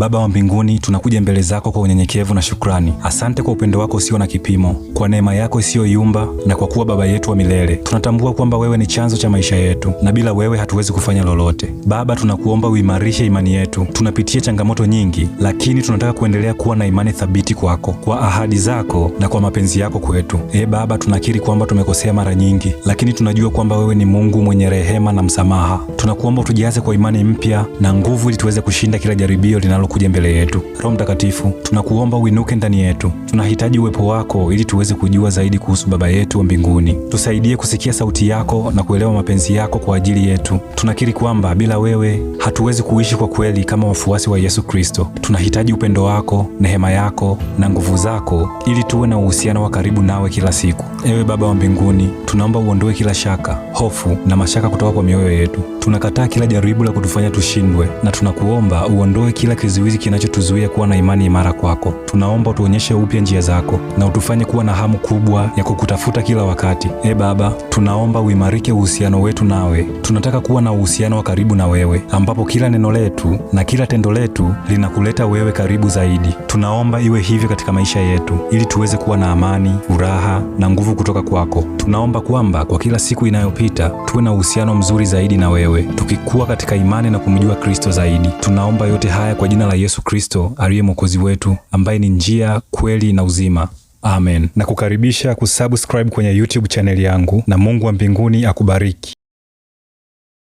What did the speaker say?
Baba wa mbinguni, tunakuja mbele zako kwa unyenyekevu na shukrani. Asante kwa upendo wako usio na kipimo, kwa neema yako isiyoyumba, na kwa kuwa baba yetu wa milele. Tunatambua kwamba wewe ni chanzo cha maisha yetu, na bila wewe hatuwezi kufanya lolote. Baba, tunakuomba uimarishe imani yetu. Tunapitia changamoto nyingi, lakini tunataka kuendelea kuwa na imani thabiti kwako, kwa ahadi zako na kwa mapenzi yako kwetu. Ee Baba, tunakiri kwamba tumekosea mara nyingi, lakini tunajua kwamba wewe ni Mungu mwenye rehema na msamaha. Tunakuomba utujaze kwa imani mpya na nguvu, ili tuweze kushinda kila jaribio linalo unakuja mbele yetu. Roho Mtakatifu, tunakuomba uinuke ndani yetu. Tunahitaji uwepo wako ili tuweze kujua zaidi kuhusu Baba yetu wa mbinguni. Tusaidie kusikia sauti yako na kuelewa mapenzi yako kwa ajili yetu. Tunakiri kwamba bila wewe hatuwezi kuishi kwa kweli kama wafuasi wa Yesu Kristo. Tunahitaji upendo wako, nehema yako na nguvu zako ili tuwe na uhusiano wa karibu nawe kila siku. Ewe Baba wa mbinguni, tunaomba uondoe kila shaka, hofu na mashaka kutoka kwa mioyo yetu. Tunakataa kila jaribu la kutufanya tushindwe na tunakuomba uondoe kila kizuizi kizuizi kinachotuzuia kuwa na imani imara kwako. Tunaomba utuonyeshe upya njia zako na utufanye kuwa na hamu kubwa ya kukutafuta kila wakati. E Baba, tunaomba uimarike uhusiano wetu nawe. Tunataka kuwa na uhusiano wa karibu na wewe, ambapo kila neno letu na kila tendo letu linakuleta wewe karibu zaidi. Tunaomba iwe hivyo katika maisha yetu, ili tuweze kuwa na amani, furaha na nguvu kutoka kwako. Tunaomba kwamba kwa kila siku inayopita tuwe na uhusiano mzuri zaidi na wewe, tukikua katika imani na kumjua Kristo zaidi. Tunaomba yote haya kwa jina jina la Yesu Kristo aliye Mwokozi wetu ambaye ni njia, kweli na uzima. Amen. Na kukaribisha kusubscribe kwenye YouTube chaneli yangu na Mungu wa mbinguni akubariki.